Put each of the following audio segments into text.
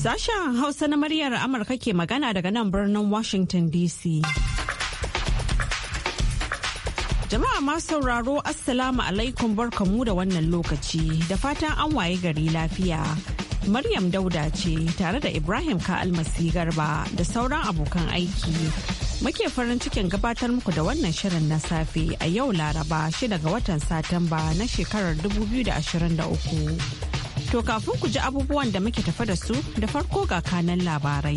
Sashen Hausa na muryar Amurka ke magana daga nan birnin Washington DC. Jama'a ma sauraro Assalamu alaikum barkamu da wannan lokaci da fatan an waye gari lafiya. Maryam Dauda ce tare da Ibrahim Ka'almasi Garba da sauran abokan aiki. Muke farin cikin gabatar muku da wannan shirin na safe a yau Laraba 6 ga watan Satumba na shekarar 2023. To kafin ku ji abubuwan da muke tafa da su da farko ga kanan labarai.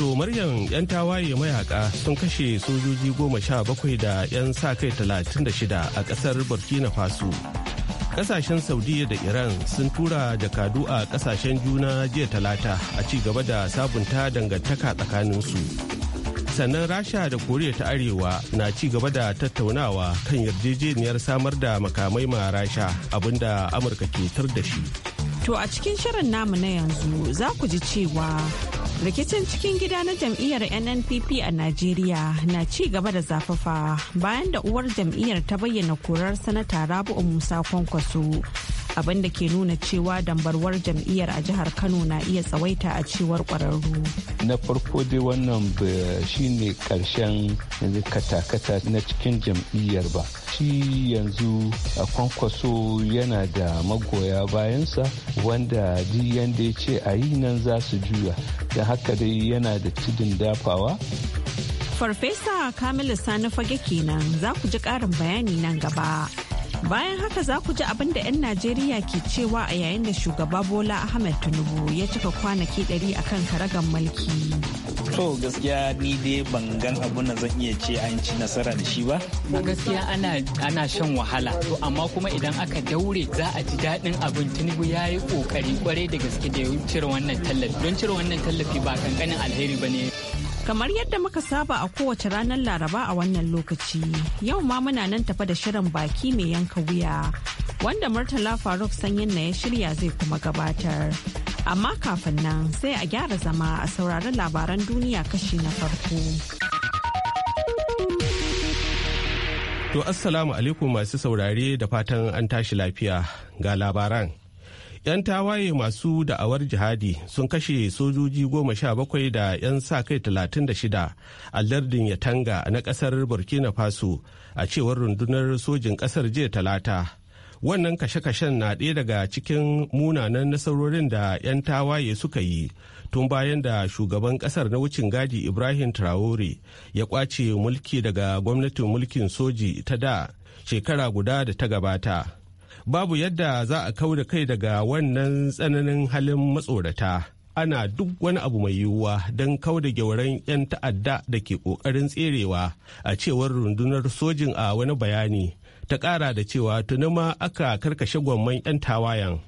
To Maryam 'yan tawaye mayaka sun kashe sojoji goma sha bakwai da 'yan sa kai talatin da shida a ƙasar Burkina Faso. Kasashen Saudiya da Iran sun tura jakadu a kasashen juna jiya talata a ci gaba da sabunta dangantaka tsakaninsu. su. sannan rasha da koriya ta arewa na ci gaba da tattaunawa kan yarjejeniyar samar da makamai ma rasha abinda amurka ke tar da shi To a cikin shirin namu na yanzu za ku ji cewa rikicin cikin gida na jam'iyyar NNPP a Najeriya na ci gaba da zafafa bayan da uwar jam'iyyar ta bayyana korar sanata Rabu'u Musa Kwankwaso abin da ke nuna cewa dambarwar jam'iyyar a jihar kano na iya tsawaita a cewar kwararru na farko dai wannan shi ne karshen katakata na cikin jam'iyyar ba shi yanzu a kwankwaso yana da magoya bayansa wanda ji yanda ya ce a yi nan za su juya da haka dai yana da tudun dafawa farfesa kamilu sani fage kenan za ku ji ƙarin bayani nan gaba Bayan haka za ku ji abin da 'yan Najeriya ke cewa a yayin da shugaba Bola Ahmed Tinubu ya cika kwanaki 100 a kan karagan mulki. To gaskiya ni dai ban gan abu na zan iya ce an ci nasara da shi ba. Gaskiya ana shan wahala to amma kuma idan aka daure za a ji daɗin abin Tinubu ya yi ƙoƙari kwarai da gaske da cire wannan tallafi don cire wannan tallafi ba kankanin alheri ba ne. Kamar yadda muka saba a kowace ranar Laraba a wannan lokaci, yau ma muna nan tafa da shirin baki mai yanka wuya, wanda Murtala Faruk sanyin na ya shirya zai kuma gabatar. Amma kafin nan sai a gyara zama a sauraron labaran duniya kashi na farko. To Assalamu alaikum masu saurare da fatan an tashi lafiya ga labaran. 'yan tawaye masu da'awar jihadi sun kashe sojoji goma sha bakwai da 'yan sa kai talatin da shida a lardin yatanga na kasar burkina faso a cewar rundunar sojin kasar jiya talata wannan kashe-kashen na ɗaya daga cikin munanan nasarorin da 'yan tawaye suka yi tun bayan da shugaban kasar na wucin gadi ibrahim traore ya kwace mulki daga gwamnatin mulkin soji ta da shekara guda da ta gabata. babu yadda za a kau da kai daga wannan tsananin halin matsorata ana duk wani abu mai yiwuwa don kau da gyauran 'yan ta'adda da ke ƙoƙarin tserewa a cewar rundunar sojin a wani bayani ta ƙara da cewa tuni aka karkashe gwamman 'yan tawayan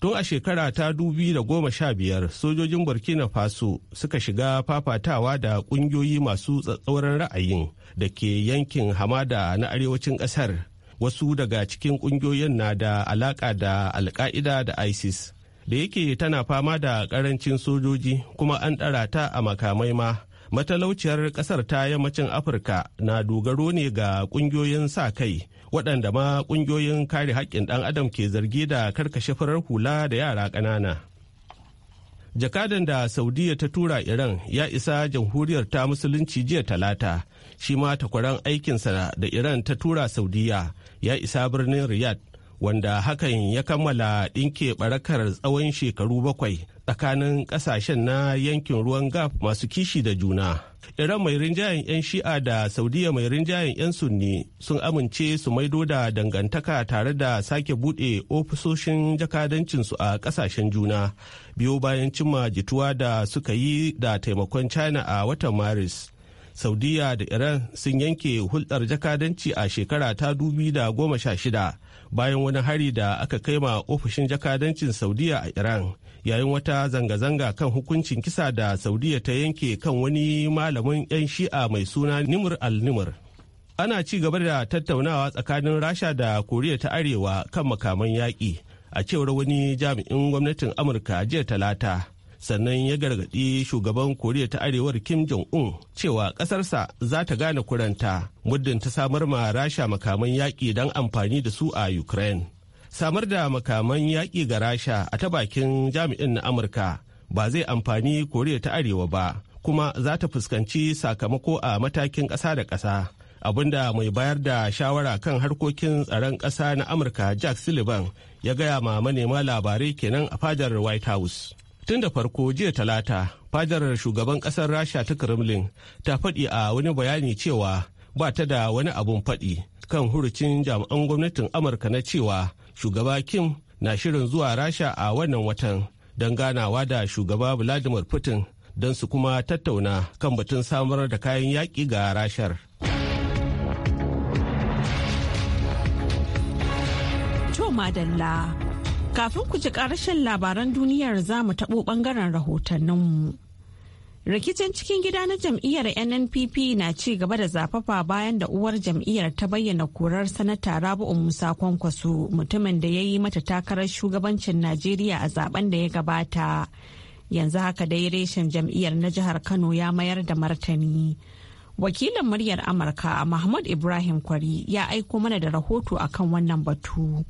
tun a shekara ta da goma sha biyar sojojin burkina faso suka shiga fafatawa da ƙungiyoyi masu tsatsauran ra'ayin da ke yankin hamada na arewacin ƙasar wasu daga cikin kungiyoyin na da alaka da alka'ida da isis da yake tana fama da karancin sojoji kuma an ɗara ta a makamai ma matalauciyar ƙasar ta yammacin afirka na dogaro ne ga ƙungiyoyin sa kai waɗanda ma ƙungiyoyin kare haƙƙin ɗan adam ke zargi da karkashe farar hula da yara ƙanana jakadan da saudiya ta tura iran ya isa jamhuriyar ta musulunci jiya talata shi ma takwaran aikinsa da iran ta tura saudiya ya isa birnin Riyadh wanda hakan ya kammala ɗinke barakar tsawon shekaru bakwai tsakanin ƙasashen na yankin ruwan gaf masu kishi da juna. Iran mai rinjayen 'yan shi'a da Saudiya mai rinjayen 'yan sunni sun amince su maido da dangantaka tare da sake buɗe ofisoshin jakadancinsu a ƙasashen juna biyo bayan cimma jituwa da suka yi da taimakon China a watan Maris. saudiya da iran sun yanke hulɗar jakadanci a shekara ta dubi da goma sha shida bayan wani hari da aka kai ma ofishin jakadancin saudiya a iran yayin wata zanga-zanga kan hukuncin kisa da saudiya ta yanke kan wani malamin 'yan shi'a mai suna nimr al-nimr ana ci gaba da tattaunawa tsakanin rasha da koriya ta arewa kan makaman yaƙi a cewar wani jami'in gwamnatin amurka jiya talata sannan ya gargaɗi shugaban koriya ta arewar kim jong-un cewa ƙasarsa za ta gane kuranta muddin ta samar ma rasha makaman yaƙi don amfani da su a ukraine samar da makaman yaƙi ga rasha a ta bakin jami'in na amurka ba zai amfani koriya ta arewa ba kuma za ta fuskanci sakamako a matakin ƙasa da ƙasa abinda mai bayar da shawara kan harkokin tsaron ƙasa na amurka jack sullivan ya gaya ma manema labarai kenan a fadar white house tun da farko jiya talata fadar shugaban kasar rasha ta kremlin ta faɗi a wani bayani cewa ba ta da wani abun faɗi kan hurucin jami'an gwamnatin amurka na cewa shugaba kim na shirin zuwa rasha a wannan watan don ganawa da shugaba vladimir putin don su kuma tattauna kan batun samar da kayan yaƙi ga rashar madalla Kafin ku ji ƙarashin labaran duniyar za mu taɓo ɓangaren rahotanninmu. Rikicin cikin gida na jam'iyyar NNPP na ci gaba da zafafa bayan da uwar jam'iyyar ta bayyana korar sanata Rabu'u Musa Kwankwaso mutumin da ya yi mata takarar shugabancin Najeriya a zaben da ya gabata. Yanzu haka dai reshen jam'iyyar na jihar Kano ya mayar da martani. Wakilin muryar Amurka Mahmud Ibrahim Kwari ya aiko mana da rahoto akan wannan batu.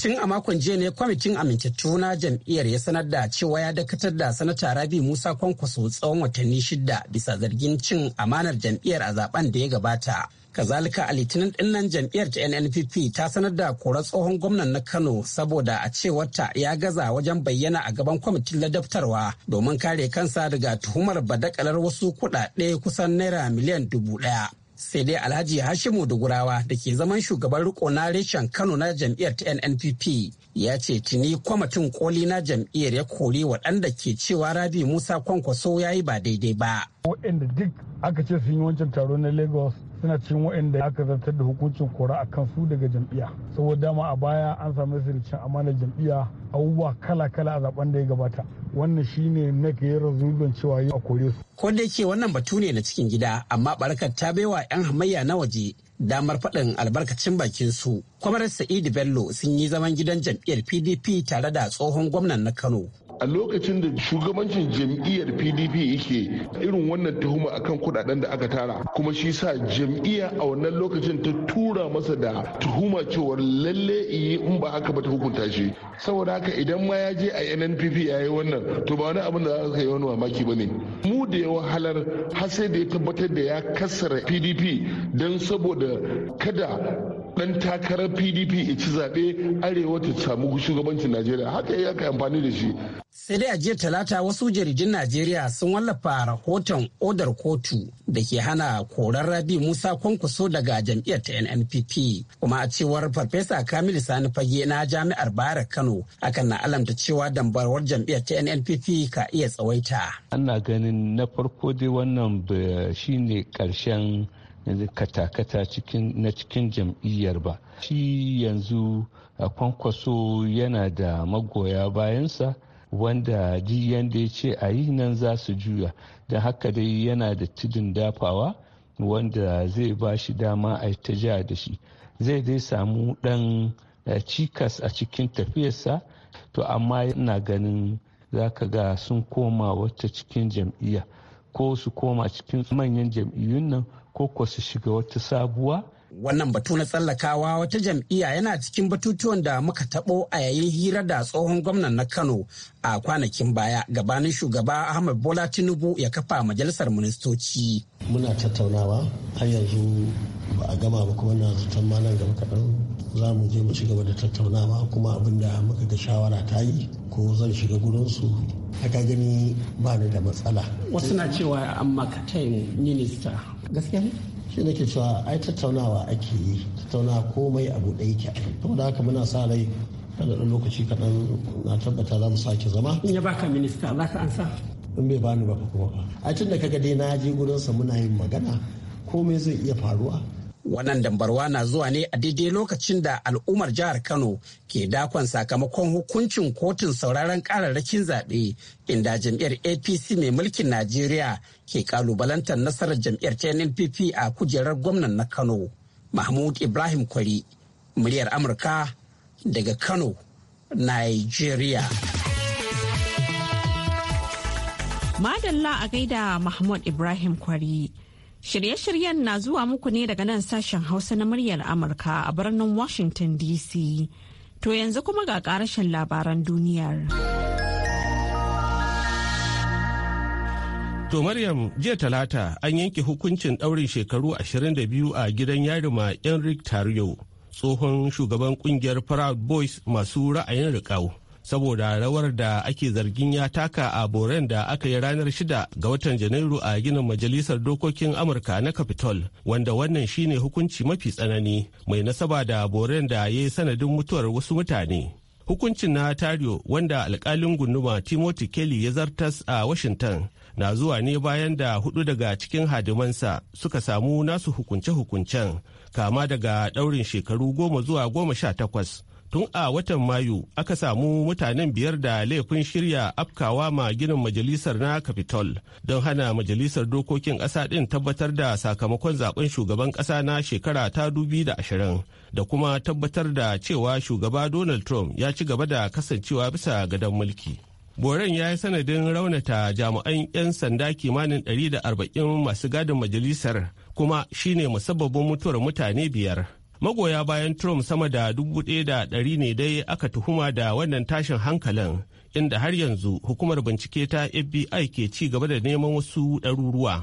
tun a makon jiya ne kwamitin amintattu na jam'iyyar ya sanar da cewa ya dakatar da sanata rabi musa kwankwaso tsawon watanni shida bisa zargin cin amanar jam'iyyar a zaben da ya gabata kazalika a litinin dinnan jam'iyyar ta nnpp ta sanar da korar tsohon gwamnan na kano saboda a cewarta ya gaza wajen bayyana a gaban kwamitin ladabtarwa domin kare kansa daga tuhumar badakalar wasu kuɗaɗe kusan naira miliyan dubu ɗaya sai dai alhaji hashimu dugurawa da ke zaman shugaban riko na reshen kano na jam'iyyar ta nnpp ya ce tuni kwamitin koli na jam'iyyar ya kori waɗanda ke cewa rabi musa kwankwaso ya yi ba daidai ba waɗanda duk aka ce sun yi wancan taro na lagos suna cikin waɗanda aka zartar da hukuncin kora a kansu daga jam'iya saboda dama a baya an samu su da cin amanar jam'iyya abubuwa kala-kala a zaben da ya gabata wannan shine na ke yin cewa yau a kore su. ko da yake wannan batu ne na cikin gida amma barkar ta baiwa 'yan hamayya na waje damar faɗin albarkacin bakin su kwamar sa'idu bello sun yi zaman gidan jam'iyyar pdp tare da tsohon gwamnan na kano a lokacin da shugabancin jam'iyyar pdp yake irin wannan tuhuma akan kudaden da aka tara kuma shi sa jam'iyya a wannan lokacin ta tura masa da tuhuma cewar lalle yi in ba haka ba ta hukunta shi saboda haka idan ma ya je a nnpp ya yi wannan to ba wani abin da za ka yi wani mamaki ba ne mu da yawan halar har sai da ya tabbatar da ya kassara pdp don saboda kada dan takarar pdp ci zaɓe arewa ta samu shugabancin najeriya haka ya kai amfani da shi sai dai a jiya talata wasu jaridun najeriya sun wallafa rahoton odar kotu da ke hana korar rabi musa kwankwaso daga jam'iyyar ta nnpp kuma a cewar farfesa Kamilu sani fage na jami'ar bayar kano akan na alamta cewa dambarwar jam'iyyar ta nnpp ka iya tsawaita ana ganin na farko dai wannan shine karshen katakata na cikin jam'iyyar ba shi yanzu a kwankwaso yana da magoya bayansa wanda duk yadda ya ce a yi nan za su juya don haka dai yana da tudun dafawa wanda zai ba shi dama a ta ja da shi zai dai samu dan eh, cikas a cikin tafiyarsa to amma yana ganin za ka ga sun koma wata cikin jam'iyya ko su koma cikin manyan jam'iyyun nan ko ko su shiga wata sabuwa wannan batu na tsallakawa wata jam'iyya yana cikin batutuwan da muka tabo a yayin hira da tsohon gwamnan na kano a kwanakin baya gabanin shugaba ahmad bola tinubu ya kafa majalisar ministoci muna tattaunawa har yanzu ba a gama ba kuma na zaton nan gaba kaɗan za mu je mu ci gaba da tattaunawa kuma abin da muka ga shawara ta yi ko zan shiga gurinsu haka gani ba ni da matsala wasu na cewa an makatai minista gaskiya ne shi nake cewa ai tattaunawa ake yi tattaunawa komai abu ɗaya ke saboda haka muna sa rai kada ɗan lokaci kaɗan na tabbata za mu sake zama in ya baka minista za ka ansa in bai bani ba kuma a tun da kaga dai na je gurinsa muna yin magana komai zai iya faruwa Wannan dambarwa na zuwa ne a daidai lokacin da al'ummar jihar Kano ke dakon sakamakon hukuncin kotun sauraron kararrakin zaɓe inda jam'iyyar APC mai mulkin Najeriya ke kalubalantar nasarar jam'iyyar TNNPP a kujerar gwamnan na Kano. Mahmud Ibrahim Kwari, muryar Amurka daga Kano, Nigeria. Madalla a gaida Mahmud Ibrahim Kwari. Shirye-shiryen na zuwa muku ne daga nan sashen Hausa na muryar Amurka a birnin Washington DC. To yanzu kuma ga ƙarashin labaran duniyar. To Maryam jiya talata an yanke hukuncin ɗaurin shekaru 22 a gidan yarima Enric Tarrio, tsohon shugaban kungiyar Proud Boys masu ra'ayin riƙau. saboda rawar da ake zargin ya taka a boren da aka yi ranar shida ga watan janairu a ginin majalisar dokokin amurka na capitol wanda wannan shine hukunci mafi tsanani mai nasaba da boren da ya yi sanadin mutuwar wasu mutane hukuncin na tario wanda alkalin gunduma timothy kelly ya zartas a washington na zuwa ne bayan da hudu daga cikin hadimansa suka samu nasu hukunce-hukuncen kama daga daurin shekaru goma zuwa goma sha takwas tun a watan mayu aka samu mutanen biyar da laifin shirya afkawa ma ginin majalisar na capitol don hana majalisar dokokin ƙasa ɗin tabbatar da sakamakon zaben shugaban ƙasa na shekara ta dubi da ashirin da kuma tabbatar da cewa shugaba donald trump ya ci gaba da kasancewa bisa gadon mulki Boran ya yi sanadin raunata jami'an 'yan sanda kimanin 140 masu gadin majalisar kuma shine musabbabin mutuwar mutane biyar magoya bayan trump sama da dubu ɗaya da ɗari ne dai aka tuhuma da wannan tashin hankalin inda har yanzu hukumar bincike ta fbi ke ci gaba da neman wasu ɗaruruwa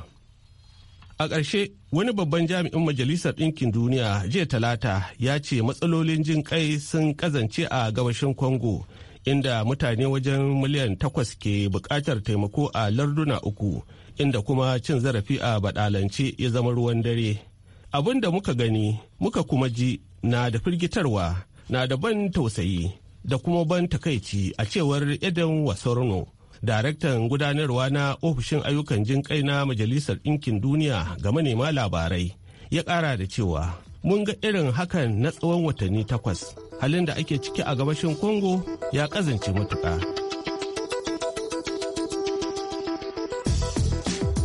a ƙarshe wani babban jami'in majalisar ɗinkin duniya jiya talata ya ce matsalolin jin kai sun kazance a gabashin congo inda mutane wajen miliyan takwas ke buƙatar taimako a larduna uku inda kuma cin zarafi a baɗalance ya zama ruwan dare abin da muka gani muka kuma ji na da firgitarwa na da ban tausayi da kuma ban takaici a cewar edan wasorno daraktan gudanarwa na ofishin ayyukan kai na majalisar ɗinkin duniya ga manema labarai ya ƙara da cewa mun ga irin hakan na tsawon watanni takwas halin da ake ciki a gabashin Kongo ya ƙazance matuƙa.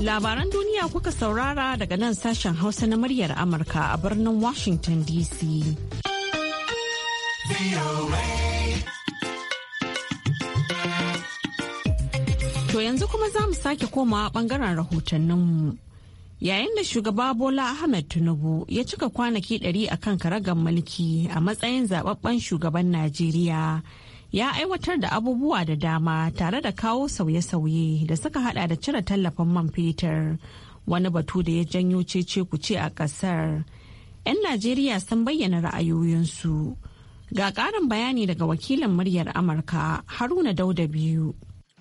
Labaran duniya kuka saurara daga nan sashen Hausa na muryar Amurka a birnin Washington DC. To yanzu kuma za mu sake komawa bangaren mu. Yayin da shugaba Bola Ahmed Tinubu ya cika kwanaki ɗari a kan karagar mulki a matsayin zababben shugaban Najeriya. ya aiwatar da abubuwa da dama tare da kawo sauye-sauye da suka hada da cire tallafin man fetur wani batu da ya janyo cece kuce a kasar 'yan najeriya sun bayyana ra'ayoyinsu ga ƙarin bayani daga wakilin muryar amurka haruna dauda biyu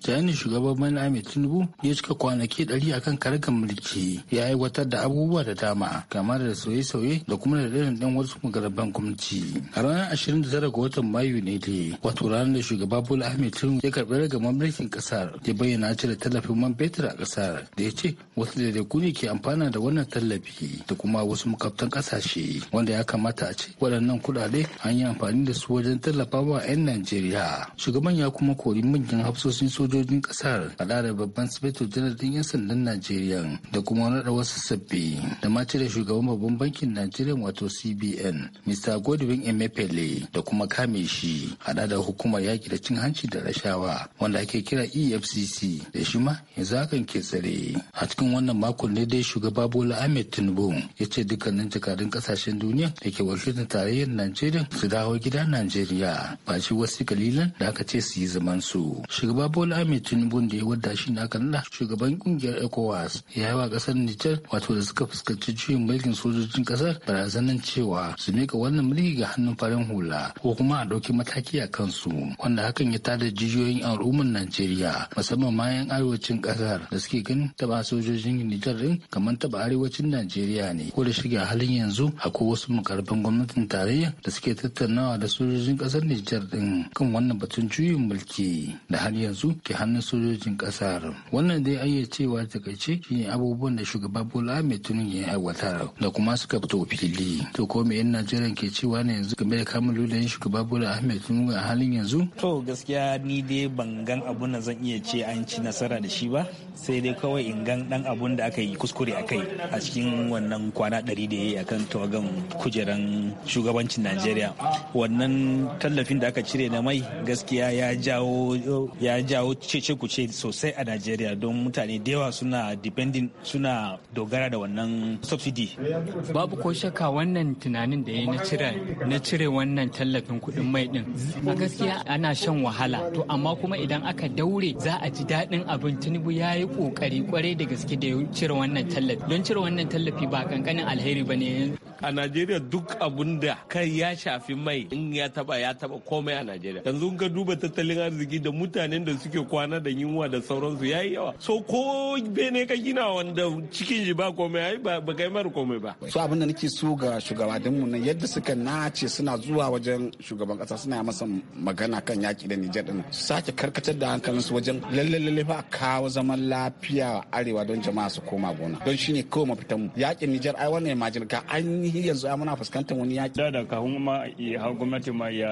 jani shugaban Ahmed Tinubu ya cika kwanaki ɗari akan karagar mulki ya aiwatar da abubuwa da dama kama da sauye-sauye da kuma da ɗan ɗan wasu magaraban gwamnati. A ranar ashirin da tara ga watan Mayu ne dai wato ranar da shugaban Bola Ahmed Tinubu ya karɓi ragamar mulkin ƙasar ya bayyana cire tallafin man fetur a ƙasar da ya ce wasu daidaiku ne ke amfana da wannan tallafi da kuma wasu makwabtan ƙasashe wanda ya kamata a ce waɗannan kuɗaɗe an yi amfani da su wajen tallafawa 'yan Najeriya. Shugaban ya kuma kori manyan hafsoshin sojoji sojojin kasar hada da babban sufeto janar din yan sandan najeriya da kuma naɗa wasu sabbi da ma cire shugaban babban bankin najeriya wato cbn mr godwin emefele da kuma kame shi hada da hukumar yaki da cin hanci da rashawa wanda ake kira efcc da shi ma yanzu hakan ke tsare a cikin wannan makon ne dai shugaba bola ahmed tinubu ya ce dukkanin jakadun kasashen duniya da ke wakiltar tarayyar najeriya su dawo gida najeriya ba shi wasu kalilan da aka ce su yi zaman su shugaba bola ahmed tinubu da ya wadda shi na kanada shugaban kungiyar ecowas ya yi wa kasar nijar wato da suka fuskanci juyin mulkin sojojin kasar barazanan cewa su mika wannan mulki ga hannun farin hula ko kuma a ɗauki mataki a kansu wanda hakan ya tada jijiyoyin al'umman najeriya musamman ma yan arewacin kasar da suke ganin taba sojojin nijar din kamar taba arewacin najeriya ne ko da shiga halin yanzu akwai wasu makarfin gwamnatin tarayya da suke tattaunawa da sojojin kasar nijar din kan wannan batun juyin mulki da har yanzu ke hannun sojojin kasar wannan dai ayyar cewa takaice shine abubuwan da shugaba bola mai tunin ya aiwatar da kuma suka fito fili to ko me yan najeriya ke cewa ne yanzu game da kamun lulayen shugaba bola ahmed tunin a halin yanzu to gaskiya ni dai ban gan abu na zan iya ce an ci nasara da shi ba sai dai kawai in gan dan abun da aka yi kuskure a kai a cikin wannan kwana ɗari da ya yi akan tawagan kujeran shugabancin najeriya wannan tallafin da aka cire na mai gaskiya ya jawo ya jawo cece kuce sosai a Najeriya don mutane da yawa suna depending suna dogara da wannan subsidy. Babu ko shaka wannan tunanin da ya na cire na cire wannan tallafin kuɗin mai din. A gaskiya ana shan wahala to amma kuma idan aka daure za a ji daɗin abin Tinubu ya yi ƙoƙari kwarai da gaske da ya cire wannan tallafi. Don cire wannan tallafi ba kankanin alheri ba ne a najeriya duk abun da kai ya shafi mai in ya taba ya taba komai a najeriya yanzu ka duba tattalin arziki da mutanen da suke kwana da yunwa da sauransu ya yi yawa so ko bene ka gina wanda cikin shi ba komai ai ba kai mara komai ba so abin da nake so ga shugabanninmu na yadda suka nace suna zuwa wajen shugaban kasa suna masa magana kan yaki da Nijar din su sake karkatar da hankalinsu wajen lalle lalle fa kawo zaman lafiya arewa don jama'a su koma gona don shine kawai mafitan yakin Nijar ai wannan majin ka an ainihi yanzu a muna fuskantar wani yaki. Da da kafin ma ya gwamnati ma ya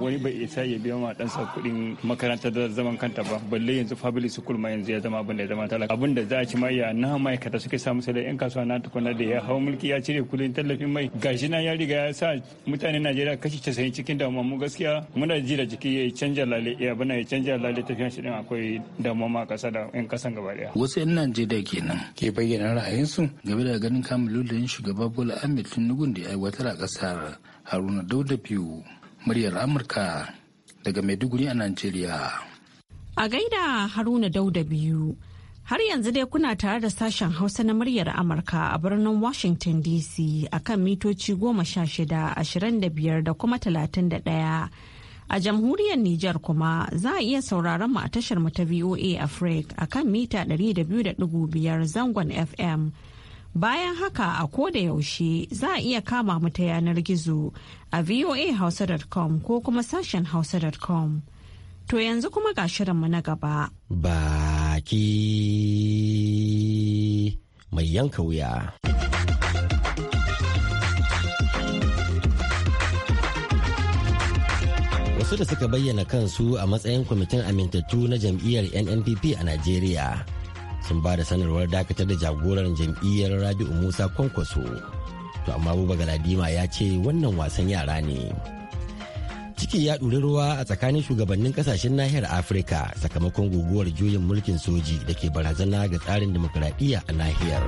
wani bai isa ya biya ma ɗansa kuɗin makarantar da zaman kanta ba balle yanzu family school ma yanzu ya zama abin da ya zama talaka abin da za a ci ma ya na ma'aikata suke samu sai da yan kasuwa na tukuna da ya hau mulki ya cire kuɗin tallafin mai gashi na ya riga ya sa mutanen Najeriya kashi casa'in cikin damuwa mu gaskiya muna ji da jiki ya canja lale ya bana ya canja lale tafiyan shi ɗin akwai damuwa ma ƙasa da yan ƙasan gaba ɗaya. Wasu 'yan Najeriya kenan ke bayyana ra'ayinsu game da ganin kamulolin shugaba Bola Ahmed nugun da ya aiwatar a ƙasar haruna dauda biyu muryar amurka daga maiduguri a najeriya a gaida haruna dauda biyu har yanzu dai kuna tare da sashen hausa na muryar amurka a birnin washington dc akan mitoci goma sha shida ashirin da biyar da kuma talatin da ɗaya a jamhuriyar Nijar kuma za a iya sauraron mu a tashar mu ta VOA Africa akan mita 200.5 zangon FM Bayan haka a ko da yaushe za a iya kama mu ta yanar gizo a voahausa.com ko kuma sashen hausa.com. To yanzu kuma ga shirinmu na gaba. Baki mai yanka wuya. Wasu da suka bayyana kansu a matsayin kwamitin amintattu na jam'iyyar NNPP a Najeriya. sun ba da sanarwar dakatar da jagoran jam'iyyar radio musa kwankwaso to amma buba galadima ya ce wannan wasan yara ne ciki ya ɗuri ruwa a tsakanin shugabannin kasashen nahiyar afirka sakamakon guguwar juyin mulkin soji da ke barazana ga tsarin demokuraɗiyya a nahiyar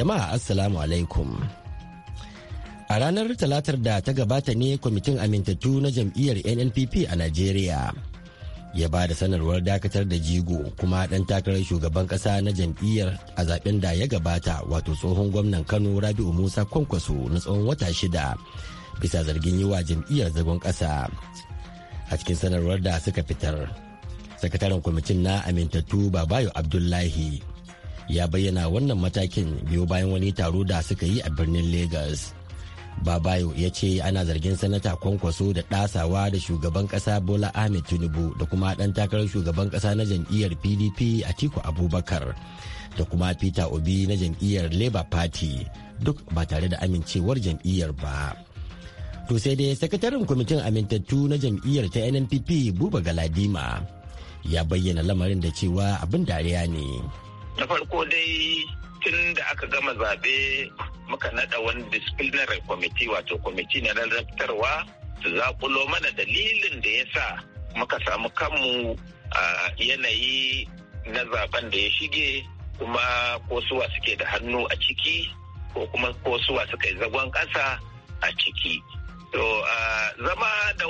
jama'a assalamu alaikum A ranar talatar da ta gabata ne kwamitin amintattu na jam'iyyar NNPP a Najeriya ya ba da sanarwar dakatar da jigo kuma ɗan takarar shugaban ƙasa na jam'iyyar a zaɓen da ya gabata wato tsohon gwamnan Kano Rabi'u Musa Kwankwaso na tsawon wata shida bisa zargin yi wa jam'iyyar zagon ƙasa. A cikin sanarwar da suka fitar, sakataren kwamitin na amintattu Babayo Abdullahi ya bayyana wannan matakin biyu bayan wani taro da suka yi a birnin Legas. babayo ya ce ana zargin sanata kwankwaso da ɗasawa da shugaban ƙasa bola ahmed tinubu da kuma ɗan takarar shugaban ƙasa na jam'iyyar pdp a atiku abubakar da kuma peter obi na jam'iyyar labour party duk ba tare da amincewar jam'iyyar ba to sai dai sakataren kwamitin amintattu na jam'iyyar ta nnpp buba galadima ya bayyana lamarin da cewa abin dariya ne na farko dai lokacin da aka gama zaɓe muka naɗa wani disciplinary committee wato kwamiti na rarrabtarwa su zaƙulo mana dalilin da ya sa muka samu kanmu a yanayi na zaben da ya shige kuma ko suke da hannu a ciki ko kuma ko suka yi zagon ƙasa a ciki. To zama da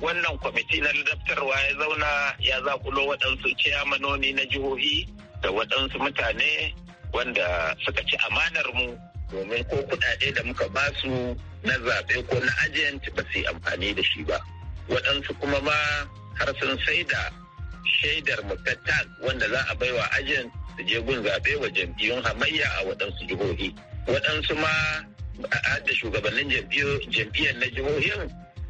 wannan kwamiti na ladabtarwa ya zauna ya zakulo waɗansu ciyamanoni na jihohi da waɗansu mutane wanda suka ci amanar mu domin ko kuɗaɗe da muka ba su na zaɓe ko na ajiyant ba su amfani da shi ba waɗansu kuma ma har sun sai da shaidar mutattag wanda za a baiwa ajiyant su je gun zaɓe wa jam'iyyun hamayya a waɗansu jihohi waɗansu ma da shugabannin jam'iyyar na jihohin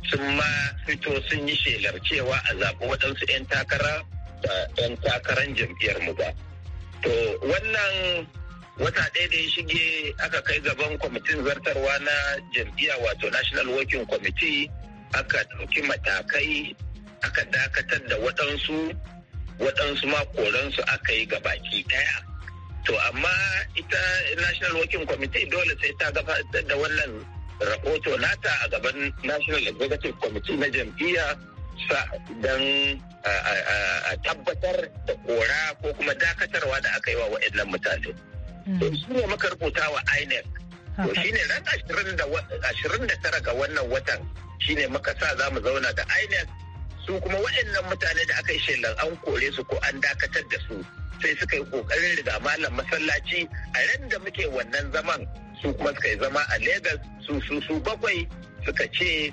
sun ma fito sun yi shelar cewa a zaɓi waɗansu 'yan takara ba 'yan takaran jam'iyyar mu ba To wannan wata ɗaya da ya shige aka kai gaban kwamitin zartarwa na jam'iyya wato National Working Committee aka ɗauki matakai aka dakatar da waɗansu waɗansu koransu aka yi ga baki ɗaya. To amma ita National Working Committee dole sai ta gabatar da wannan rahoto nata a gaban National Executive Committee na jam'iyya sa don a tabbatar da kora ko kuma dakatarwa da aka yi wa waɗannan mutane. Hmm. To su ne muka rubuta wa INEC. To shi ne ran ashirin da tara ga wannan watan shi ne muka sa za mu zauna da INEC su kuma waɗannan mutane da aka yi shelar an kore su ko an dakatar da su sai suka yi ƙoƙarin riga malam masallaci a ran da muke wannan zaman su kuma suka yi zama a Legas su su su bakwai suka ce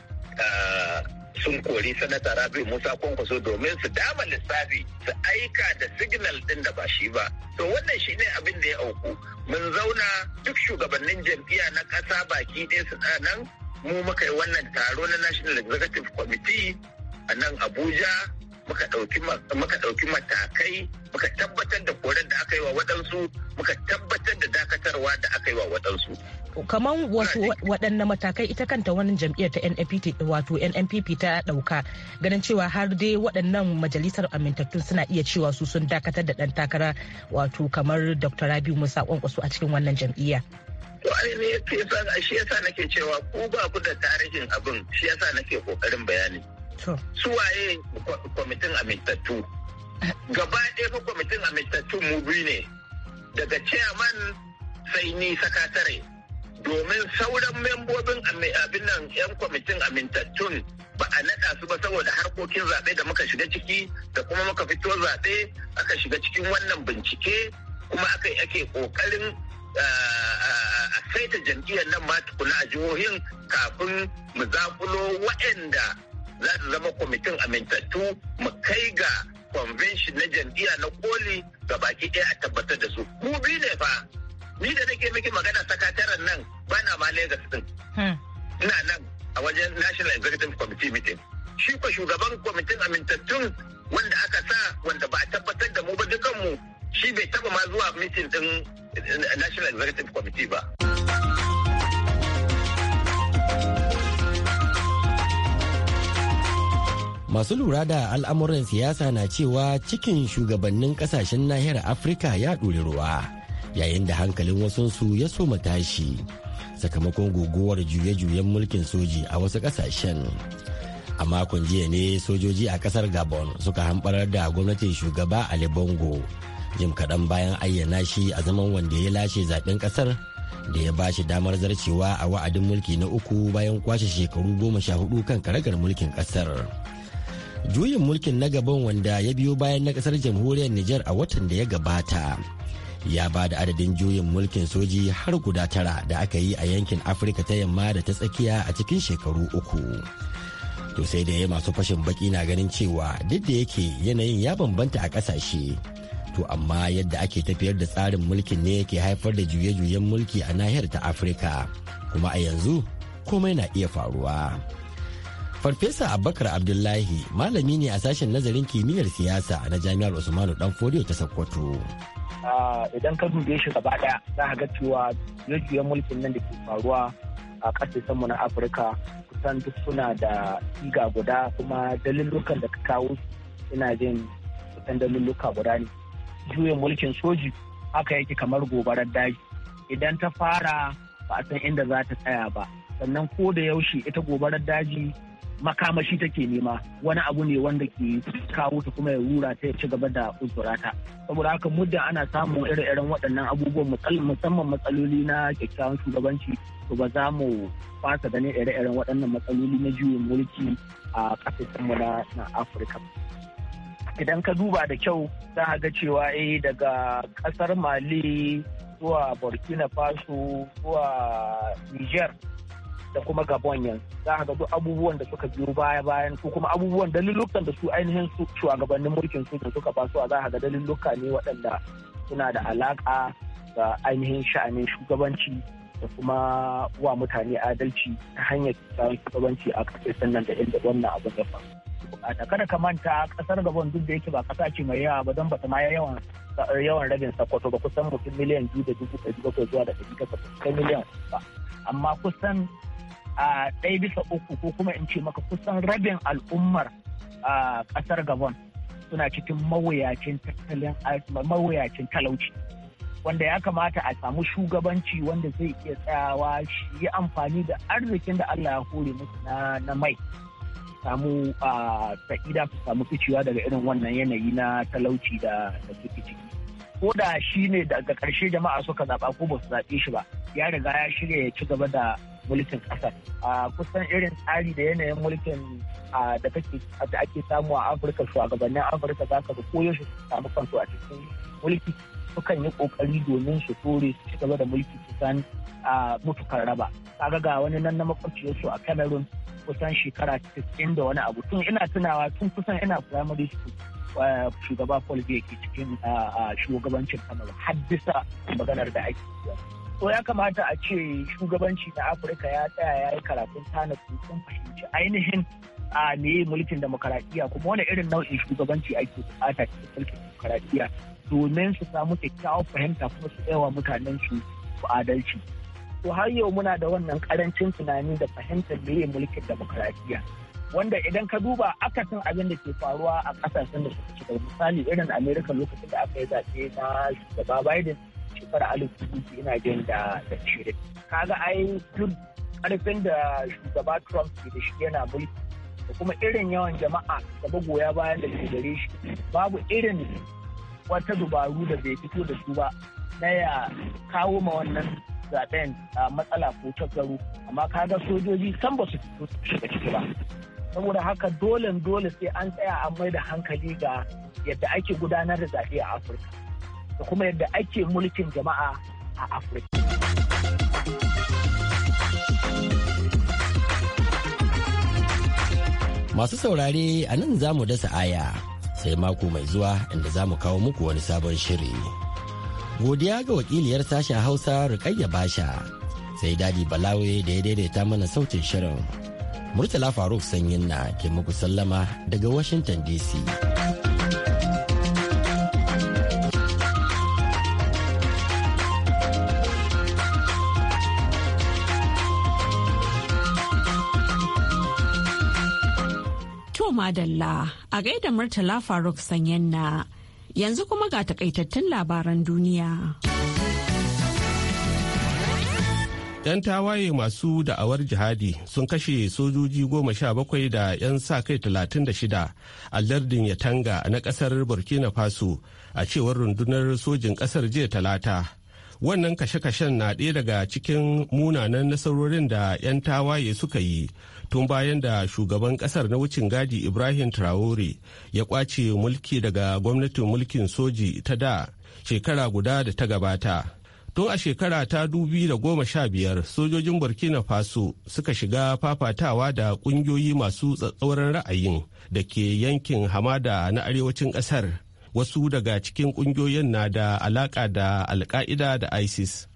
sun kori sanata rabi musa kwankwaso domin su dama lissafi su aika da signal din da ba shi ba to wannan shi ne abin da ya auku mun zauna duk shugabannin jam'iyya na ƙasa baki ɗaya su nan mu muka yi wannan taro na national executive committee a nan abuja muka ɗauki matakai muka tabbatar da koren da aka yi wa waɗansu muka tabbatar da dakatarwa da aka yi wa waɗansu. kaman wasu waɗanne matakai ita kanta wani jam'iyyar ta NNPP wato NNPP ta ɗauka ganin cewa har dai waɗannan majalisar amintattun suna iya cewa su sun dakatar da ɗan takara wato kamar Dr. Rabiu Musa Kwankwaso a cikin wannan jam'iyya. to ainihin shi yasa nake cewa ku ba ku da tarihin abin shi yasa nake kokarin bayani Suwaye kwamitin amintattu. Gaba ɗaya fa kwamitin amintattu mu biyu ne. Daga chairman sai ni sakatare. Domin sauran membobin abin nan 'yan kwamitin amintattun ba a naɗa su ba saboda harkokin zaɓe da muka shiga ciki da kuma muka fito zaɓe aka shiga cikin wannan bincike kuma aka yi ake ƙoƙarin a saita jam'iyyar nan ma tukuna a jihohin kafin mu zaƙulo waɗanda za su zama kwamitin amintattu mu kai ga convention na jam'iyya na koli ga baki ɗaya a tabbatar da su mu biyu ne fa ni da nake miki magana sakataren nan ba na ma Lagos din hmm. ina nan a wajen National Executive Committee meeting shi ko shugaban kwamitin amintattun wanda aka sa wanda ba a tabbatar da mu ba dukanmu shi bai taba ma zuwa meeting din National Executive Committee ba. masu lura da al'amuran siyasa na cewa cikin shugabannin kasashen nahiyar afirka ya ɗori ruwa yayin da hankalin wasunsu ya soma tashi sakamakon guguwar juye-juyen mulkin soji a wasu kasashen a makon jiya ne sojoji a kasar gabon suka hamɓarar da gwamnatin shugaba ali bongo jim kaɗan bayan ayyana shi a zaman wanda ya lashe zaɓen ƙasar, da ya ba shi damar zarcewa a wa'adin mulki na uku bayan kwashe shekaru goma sha hudu kan karagar mulkin ƙasar. juyin mulkin na gaban wanda ya biyo bayan na kasar jamhuriyar Nijar a watan da ya gabata ya ba da adadin juyin mulkin soji har guda tara da aka yi a yankin afirka ta yamma da ta tsakiya a cikin shekaru uku to sai da ya masu fashin baki na ganin cewa duk da yake yanayin ya bambanta a ƙasashe to amma yadda ake tafiyar da tsarin mulkin ne yake haifar da juye-juyen mulki a nahiyar ta afirka kuma a yanzu komai na iya faruwa. Farfesa Abubakar Abdullahi malami ne a sashen nazarin kimiyyar siyasa na Jami'ar Usmanu Danfodiyo ta Sokoto. Idan ka dube shi gaba ɗaya za a ga cewa juyen mulkin nan da ke faruwa a ƙasashen mu na Afirka kusan duk suna da siga guda kuma dalilukan da ka kawo ina jin kusan dalilukan guda ne. Juyin mulkin soji haka yake kamar gobarar daji idan ta fara ba a san inda za ta tsaya ba sannan ko da yaushe ita gobarar daji makamashi take nema wani abu ne wanda ke kawo ta kuma ya rura ta ya ci gaba da uzurata saboda haka muddin ana samun ire-iren waɗannan abubuwan musamman matsaloli na kyakkyawan shugabanci to ba za mu fasa gani ire-iren waɗannan matsaloli na juyin mulki a mu na afirka idan ka duba da kyau za a ga cewa eh daga ƙasar mali zuwa burkina faso zuwa niger da kuma gabon yanzu za ka ga duk abubuwan da suka biyo baya bayan su kuma abubuwan dalilukan da su ainihin su shugabannin mulkin su da suka faso a za ka ga daliluka ne waɗanda suna da alaƙa ga ainihin sha'anin shugabanci da kuma wa mutane adalci ta hanyar kyawun shugabanci a ƙasar sannan da inda wannan abu ya fa. a kada ka manta kasar gabon duk da yake ba kasa ce mai yawa ba don ba ta ma yawan yawan rabin sakwato ba kusan mutum miliyan biyu da dubu ɗari bakwai zuwa da ɗari takwas miliyan ba amma kusan a ɗaya bisa uku ko kuma in ce maka kusan rabin al'ummar a ƙasar gabon suna cikin mawuyacin tattalin mawuyacin talauci wanda ya kamata a samu shugabanci wanda zai iya tsayawa shi yi amfani da arzikin da allah ya hore musu na mai samu a sa'ida su samu ficewa daga irin wannan yanayi na talauci da suke ciki ko da shi ne daga ƙarshe jama'a suka zaɓa ko ba su zaɓe shi ba ya riga ya shirya ya ci gaba da mulkin ƙasa a kusan irin tsari da yanayin mulkin da kake da ake samu a afirka shugabannin afirka za ka ga koyaushe su samu kansu a cikin mulki sukan yi kokari domin su tore su ci gaba da mulki su san mutukar raba kaga ga wani nan na makwabciyarsu a kamerun kusan shekara cikin da wani abu tun ina tunawa tun kusan ina primary school shugaba paul ke cikin shugabancin cameroon har bisa maganar da ake to ya kamata a ce shugabanci na afirka ya tsaya ya yi karatun tana sun fahimci ainihin a ne mulkin demokaradiyya kuma wani irin nau'in shugabanci ake bukata cikin mulkin demokaradiyya domin su samu kyakkyawar fahimta kuma su yawa mutanen su adalci to har yau muna da wannan karancin tunani da fahimtar meye mulkin demokaradiyya wanda idan ka duba akasin abin da ke faruwa a kasashen da suka ci misali irin amerika lokacin da aka yi zaɓe na shugaba biden shekarar alif dubu ina jin da da shirin kaga ai duk karfin da shugaba trump ke da shi yana mulki da kuma irin yawan jama'a da magoya bayan da ke gare shi babu irin wata dubaru da bai fito da su ba na ya kawo ma wannan zaben a matsala ko tasgaro amma kaga sojoji san ba su fito shiga ciki ba saboda haka dole dole sai an tsaya an mai da hankali ga yadda ake gudanar da zaɓe a afirka da kuma yadda ake mulkin jama'a a afirka masu saurare a nan za mu dasa aya sai mako mai zuwa inda za mu kawo muku wani sabon shiri godiya ga wakiliyar sashen hausa Rukayya basha sai dadi balawe da ya daidaita mana sautin shirin murtala faruk sanyin na ke muku sallama daga washington dc To madalla a gaida Murtala Faruk sanyen na yanzu kuma ga takaitattun labaran duniya. ‘Yan tawaye masu da'awar jihadi sun kashe sojoji goma sha bakwai da 'yan sa kai talatin da shida a lardin Yatanga na kasar Burkina Faso a cewar rundunar sojin kasar jiya talata. Wannan kashe-kashen na ɗaya daga cikin munanan nasarorin da 'yan tawaye suka yi tun bayan da shugaban kasar na wucin gadi ibrahim traore ya kwace mulki daga gwamnatin mulkin soji ta da shekara guda da ta gabata tun a shekara ta dubi da goma sha biyar sojojin burkina faso suka shiga fafatawa da kungiyoyi masu tsatsauran ra'ayin da ke yankin hamada na arewacin kasar wasu daga cikin kungiyoyin na da alaka da alka'ida da isis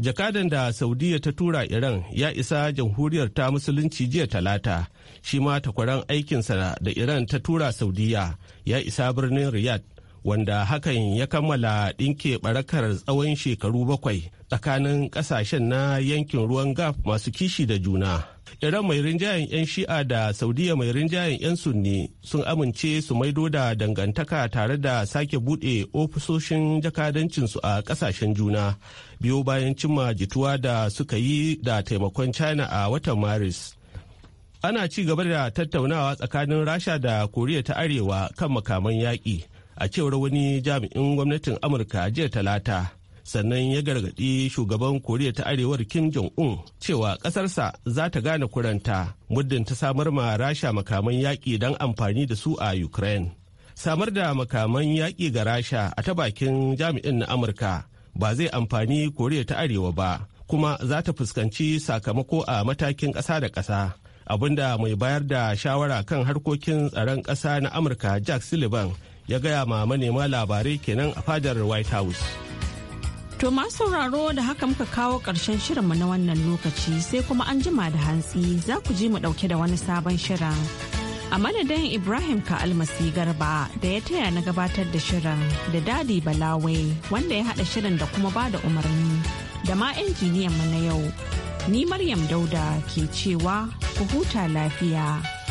jakadan da saudiya ta tura iran ya isa jamhuriyar ta musulunci jiya talata shi ma takwaran aikinsa da iran ta tura saudiya ya isa birnin riyadh wanda hakan ya kammala ɗinke barakar tsawon shekaru bakwai tsakanin ƙasashen na yankin ruwan gaf masu kishi da juna. Iran mai rinjayen 'yan shi'a da Saudiya mai rinjayen 'yan sunni sun amince su maido da dangantaka tare da sake buɗe ofisoshin jakadancinsu a ƙasashen juna biyo bayan cimma jituwa da suka yi da taimakon China a watan Maris. Ana ci gaba da tattaunawa tsakanin Rasha da Koriya ta Arewa kan makaman yaƙi. a cewar wani jami'in gwamnatin amurka jiya talata sannan ya gargadi shugaban koriya ta arewar kim jong-un cewa ƙasarsa za ta gane kuranta muddin ta samar ma rasha makaman yaƙi don amfani da su a ukraine samar da makaman yaƙi ga rasha a ta bakin jami'in na amurka ba zai amfani koriya ta arewa ba kuma za ta fuskanci sakamako a matakin ƙasa da ƙasa abinda mai bayar da shawara kan harkokin tsaron ƙasa na amurka jack sullivan ya gaya ma manema labarai kenan a fadar white house To ma sauraro da haka muka kawo ƙarshen shirinmu na wannan lokaci sai kuma an jima da hantsi za ku ji mu ɗauke da wani sabon shirin. A madadin Ibrahim ka almasi garba da ya taya na gabatar da shirin da dadi balawe wanda ya haɗa shirin da kuma ba da umarni da ma injiniyan mu na yau. Ni Maryam Dauda ke cewa ku huta lafiya.